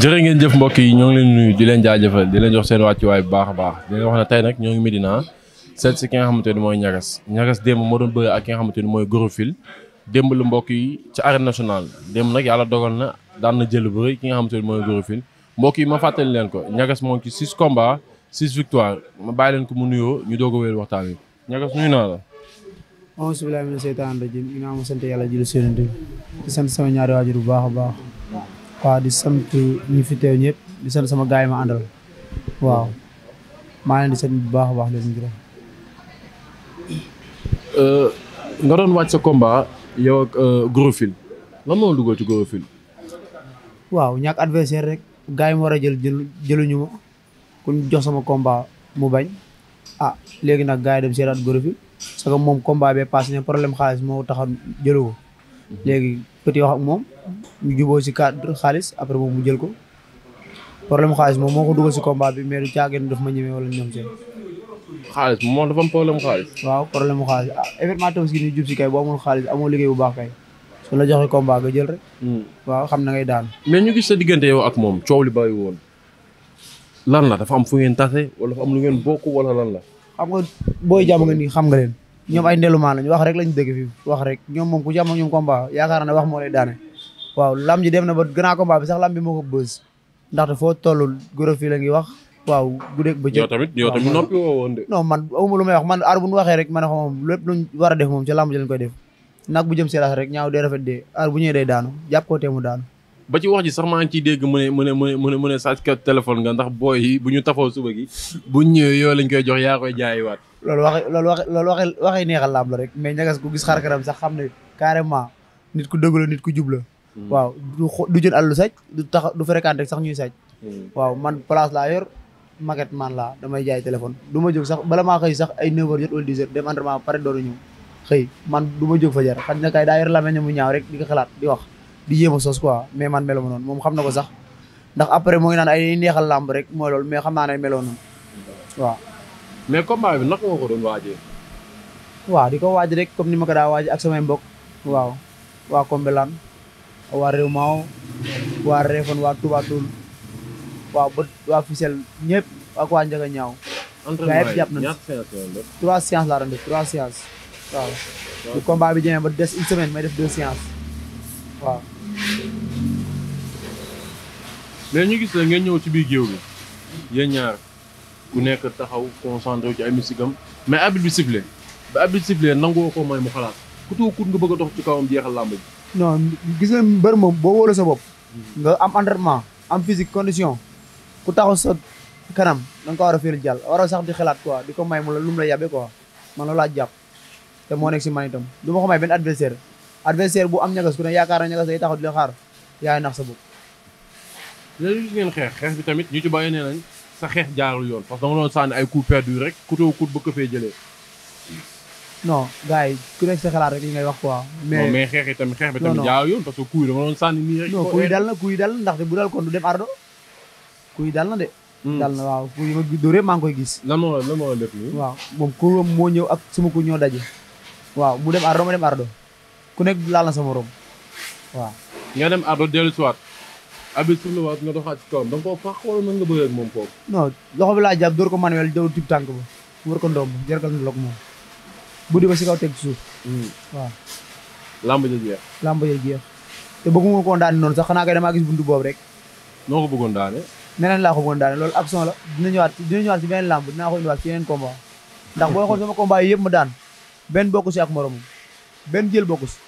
jërë ngeen jëf mbokk yi ñoo ngi leen nuyu di leen jaajëfal di leen jox seen wàccuwaay bu baax a baax di leen wax ne tey nag ñoo ngi Medina seet si ki xamante ni mooy ñagas ñagas démb moo doon bëre ak ki nga xamante ni mooy Gorofil démb lu mbokk yi ci arène nationale démb nag yàlla dogal na daan na jël bëri ki nga xamante ni mooy Gorofil mbokk yi ma fàttali leen ko ñagas moo ngi ci six combats six victoire ma bàyyi leen ko mu nuyoo ñu doog ko wéyal waxtaan wi ñagas nuyu naa la aùzu billaahi mina seytaani rajiim sant yàlla julli ci yonent bi di sant sama ñaari baax a baax waaw di sant ñi fi teew ñëpp di sant sama gaay ma àndal waaw maa leen di sant bu baax baax leen gërëm euh, nga doon wàcc sa combat yow ak euh, Gros File lan moo dugal ci Gros File waaw ñàkk adversaire rek gaay ma war a jël jëluñu ma ku jox sama combat mu bañ ah léegi nag gaay dem seetaat Gros File parce que moom combat bee passé ne problème xaalis moo taxaw jëlu léegi petit wax ak moom ñu juboo si cadre xaalis après moom mu jël ko problème xaalis moom moo ko dugal si combat bi mais du caageen daf ma ñemee wala ñoom seen xaalis moom dafa am problème xaalis waaw problème xaalis ah événement tabaski ni jub si kay boo amul xaalis amoo liggéey bu baax kay su la joxee kombaa nga jël rek hmm. xam na ngay daan mais ñu gis sa diggante yow ak moom coow li bàyyi woon lan la dafa am fu ngeen tase wala dafa am lu ngeen bokk wala lan la xam nga booy jàmm nga nii xam nga leen ñoom ay ndelumaan lañu wax rek lañu dëgg fi wax rek ñoom moom ku ci am ak ñoom combat yaakaar na wax moo lay daane waaw lam ji dem na ba grand combat bi sax lam bi moo ko bës ndaxte foo tollu góor fii la ngi wax waaw guddeeg bëccëg yow tamit yow tamit noppi woo woon lu may wax man ar bu ñu waxee rek man ne xam moom lépp luñ war a def moom ci lamb ji lañ koy def nag bu jëm seelaas rek ñaaw dee rafet dee ar bu ñëwee day daanu jàpp ko te mu daanu ba ci wax ji sax maa ngi ci dégg mu ne mu ne mu ne mu ne saajkat téléphone nga ndax booy bu ñu tafoo suba gi bu ñëwee yoo lañ koy jox yaa koy jaayiwaat. loolu waxe loolu waxe loolu waxe waxee neexal laam la rek mais ñagas ku gis xar kanam sax xam ne carrément nit ku dëgg jub la. Hmm. waaw du du jël àllu saj du tax du fréquenté sax ñuy saj hmm. waaw man place laa yor maquette man laa damay jaay téléphone. du ma jóg sax bala maa xëy sax ay 9h jot wala 10h dem entraînement ba pare door ñëw xëy man du ma jóg fa jar xaj na kay daa yor la mel mu ñaaw rek di ko xalaat di wax di jéem a sos quoi mais man melo moom xam na ko sax ndax après mooy ngi naan ay neexal làmb rek mooy loolu mais xam naa ne meloo noonu waaw. mais combat bi naka nga waaw di ko waaj rek comme ni ma ko daa waaj ak samay mbokk. waaw waa Kombelaan waa Réew Maaw waa Réfone waa Touba Toul waa bët waa Fissel ñëpp ak waa Njaga Ñaaw. entraînement yi jàpp nañu trois séances laa doon trois séances waaw. bu combat bi jëmee ba des une semaine def deux séances mais ñu gis la ngeen ñëw ci biir géew bi yéen ñaar ku nekk taxaw concentré ci ay misigam mais arbitre bi sifflé ba arbitre sifflé nangoo ko may mu xalaat ku tuut ku nga bëgg a dox ci kawam jeexal làmb ji. non gis nga mbër moom boo wóolu sa bopp. Hmm. nga am entraînement am physique condition ku taxaw sa kanam da nga ko war a féer jàll waroo sax di xalaat ko di ko may mu la lu mu la yàbbee quoi man loolu laa jàpp te moo nekk si man itam du ma ko may benn adversaire adversaire day taxaw di yaay nax sa bopp. léegi gis ngeen xeex xeex bi tamit ñu ci bàyyi nee sa xeex jaarul yoon parce que dama doon sànni ay coup perdu rek couteau coup bëgg ko fee jëlee. no gars yi ku nekk sa xalaat rek li ngay wax ko mais mais xeex yi tamit xeex bi tamit jaarul yoon parce que coup yi dama dal na coup yi dal na dal kon de. Hmm. dal na waaw coup yi ma dóoree maa ngi koy gis. lan moo lan moo waaw moom ku moo ñëw ak sama ku ñoo waaw mu dem ardo ma dem ku nekk laal sa morom waaw. nga dem abi tourné waat nga doxaat ci kawam da nga koo faax wala nan nga bëree ak moom foofu. non loxo bi laa jàpp door ko manuel door tib tànk ba war ko ndomb jargal na la ko moom buddi ba si kaw teg ci suuf. Hmm. waaw. làmb ja jeex. làmb ja jeex te bëgguma ko daane noonu sax xanaa kay damaa gis buntu boobu rek. noo ko bëggoon daane. neneen laa ko bëggoon daane loolu action la dina ñëwaat dina ñëwaat si beneen làmb dinaa ko indiwaat si yeneen combat ndax booy xool sama combat yi yëpp ma daan benn bokku si ak moromam benn jël bokku si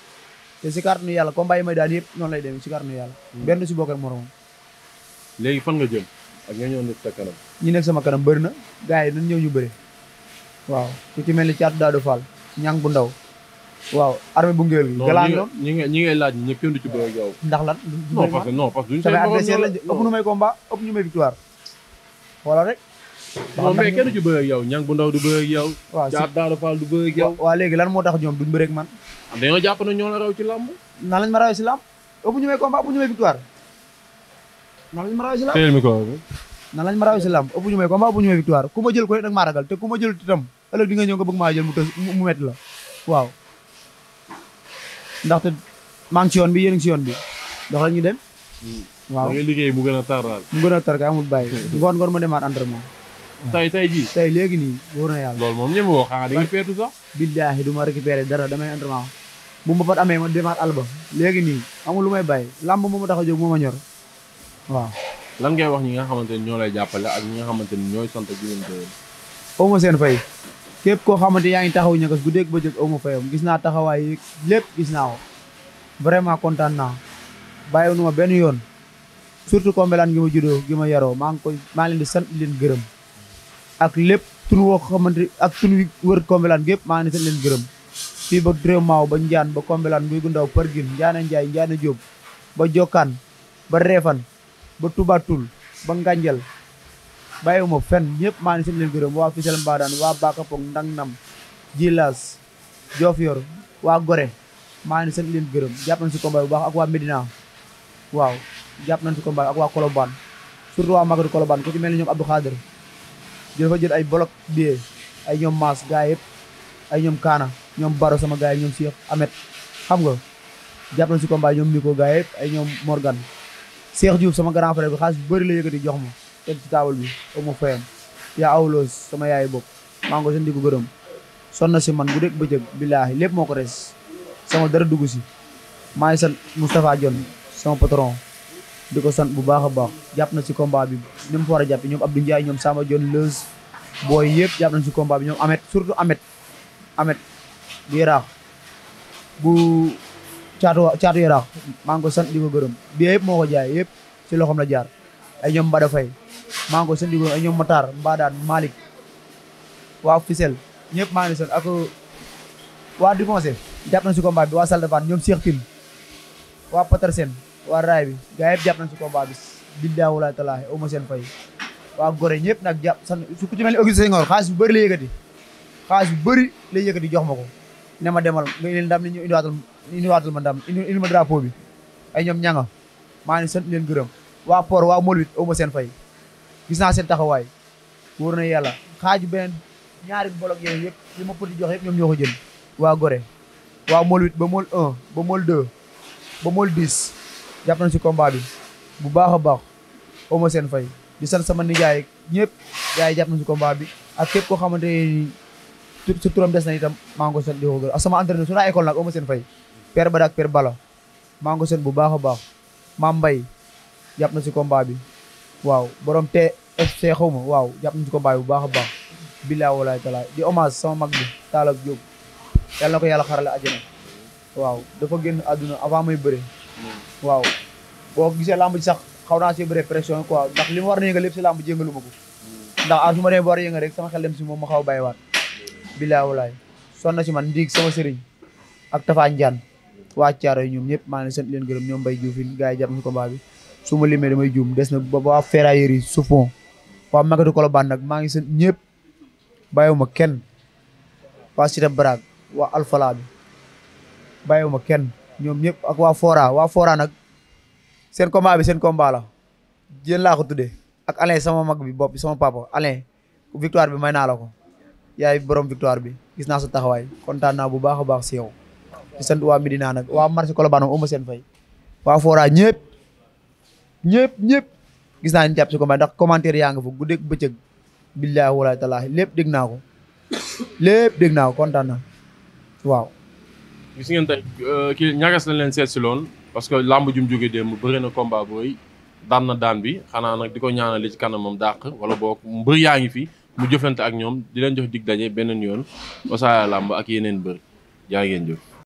te si kàttanu yàlla combat yi may daan yëpp noonu lay dem si kàttanu yàlla. Hmm. benn si bokk ak léegi fan nga jëm ak ñoo ñëw nekk sa sama kanam bëri na gars yi nañ ñëw ñu bëri waaw ku ci mel ni Thiatou Daouda Fall ñang bu ndaw waaw armée bu ngeel gi. galaandoo ñi ngay ñi ngay laaj ñëpp kenn du ci bëri ak yow. ndax lan non parce que non parce que duñ seen adversaire la ëpp nu may combat ëpp ñu may victoire wala rek moom mais kenn du yow ñang bu ndaw du bëre yow. waaw si caat daal faal lan moo tax ñoom duñ bëre ak man. Ah, jàpp ne ñoo la raw ci làmb. nan lañ ma rawee si làmb. ëpp ñu may combat ëpp ñu may ma rawee ko nan lañ ma rawee si làmb ëpp ñu may combat ëpp ñu victoire ku ma jël ko rek nag maa te ku ma jël itam ëllëg di nga ñëw nga bëgg maa jël mu tës mu metti la waaw. ndaxte maa ngi bi yéen ngi ci yoon bi dox la dem. Hmm. waaw da ngay mu gën a tar daal. mu gën a tar kay amul bàyyi. ngoon ngoon ma demaat entraînement tay tay ji tay léegi nii wóor na yàlla loolu moom ñëpp xaa xanaa di nga feetu sax billaahi du ma récupéré dara damay entraînement bu ma fat amee ma demaat alba léegi nii amul lu may bàyyi làmb moo ma tax a jóg moo ma ñor waaw lan ngay wax ñi nga xamante ni ñoo lay jàppale ak ñi nga xamante ni ñooy sant jigéen doyol aw ma seen fay képp koo xamante yaa ngi taxaw ñakas guddeeg bëccëg aw ma fayam gis naa taxawaay lépp gis naa ko vraiment kontaan naa bàyyiwunu ma benn yoon surtout kombelaan gi ma juddoo gi ma yaroo maa ngi koy maa ngi leen gërëm ak lépp tur woo xamante ak tur wër Combelane gépp maa ngi leen leen gërëm fii ba Drémaaw ba Njaan ba Combelane Guy gu Ndaw Pargine Njaay Njaana Jóob ba Jokkaan ba Reefan ba Tubatul ba Nganjal bàyyiwuma fenn ñëpp maa ngi leen gërëm waa Fisel Mbaadaan waa Bakapong Ndang Nam Jilaas Jofiyor waa Gore maa ngi leen gërëm jàpp nañ si combat bu baax ak waa Medina waaw jàpp nañ si combat ak waa Kolobaan surtout waa Magadu Kolobaan ku ci ñoom Abdou dafa jël ay bloc billets ay ñoom maas gars yëpp ay ñoom kaana ñoom baro sama gaa yi ñoom Cheikh Ahmed xam nga jàpp na si combat ñoom Nico gars yëpp ay ñoom Morgan Cheikh Diouf sama grand frère bi xaalis bëri la yëkkati jox ma teg ci taabal bi au ma fayam yaa awloos sama yaay bopp maa ngi ko seen di ko gërëm son na si man bu dégg bëccëg billaahi lépp moo ko res sama dara dugg si maa ngi sant Moustapha Dione sama patron di ko sant bu baax a baax jàpp na si combat bi ni war a jàppee ñoom Abdou Ndiaye ñoom Samba Dione Leuz booy yëpp jàpp nañ si combat bi ñoom Amet surtout Amet Amet bu yaraax bu caatu yaraax maa ngi sant di ko gërëm bi yëpp moo ko jaay yëpp ci loxoom la jaar ay ñoom Mbada Faye maa ngi ko sant di ko ay ñoom Matar Mbadaan Malick waa Fisel ñëpp maa ngi sant ak waa Difoncé jàpp nañ ci combat bi waa Saldavane ñoom Cheikh Tine waa Patersen waa raay bi gaa yëpp jàpp nañ si combat bi billahi walaay talaahi aw ma seen fay waa gore ñëpp nag jàpp san su ku ci mel ni Auguste Senghor xaalis bu bëri la yëkkati xaalis bu bëri la yëkkati jox ma ko ne ma demal nga indi ndam ni ñu indiwaatal indiwaatal ma ndam indi ma drapeau bi ay ñoom ñanga maa ngi sant leen gërëm waa Port waa Molwit aw ma seen fay gis naa seen taxawaay wóor na yàlla xaaju beneen ñaari bolok yooyu yëpp li ma poti jox yëpp ñoom ñoo ko jël waa gore waa Molwit ba Mol 1 ba Mol 2 ba Mol 10 jàpp nañ si combat bi bu baax a baax amoo seen fay di sant sama nijaay ñëpp gars yi jàpp nañ si combat bi ak képp koo xamante ni sa turam des na itam maa ngi ko sant di ko ak sama entraîneur su naa école nag amoo seen fay per Bada ak père Bala maa ngi ko bu baax a baax maa mbay jàpp na si combat bi waaw borom te FC xaw ma waaw jàpp na si combat bu baax a baax billaa walaay talaa di hommage sama mag bi Talla Diop yàlla na ko yàlla xarale àjjana waaw dafa génn àdduna avant may bëre waaw boo gisee làmb ji sax xaw naa si bëre pression quoi ndax li mu war na yëngal lépp si làmb ji ma ko hmm. ndax aar su ma demee ba war a yëngal rek sama xel si moom ma xaw a bàyyiwaat hmm. bilaay walaay son na si man ndiig sama sëriñ ak Tafa Ndiane waa Thiaroye ñoom ñëpp maa ngi leen sant leen gërëm ñoom bay Diouf gars yi jàpp si combat bi su ma limee damay juum des na ba waa ferrailleur yi Soufon waa Magadu Kolobane nag maa ngi sant ñëpp bàyyiwuma kenn waa Cité Brague waa Alfala kenn ñoom ñëpp ak waa Fora waa Fora nag seen combat bi seen combat la jën laa ak Alain sama mag bi bopp sama papa Alain victoire bi may naa la ko yaay borom victoire bi gis naa sa taxawaay kontaan naa bu baax baax si yow. di sant waa Medina nag waa marché Colobane moom seen fay. waa Fora ñëpp ñëpp gis naa ñu jàpp si combat ndax commentaire yaa ngi fa guddeeg bëccëg billaahi walaay talaahi lépp dégg naa ko lépp dégg naa ko kontaan naa waaw. gis ngeen tey euh, kii ñagas na leen seet si loon parce que làmb jum jóge démb bëri na combat booy daan na daan bi xanaa nag di ko ñaanal li ci kanamam dàq wala boog mbër yaa ngi fi mu jëfante ak ñoom di leen jox dig daje beneen yoon Wassare Làmb ak yeneen mbër yaa ngeen jëf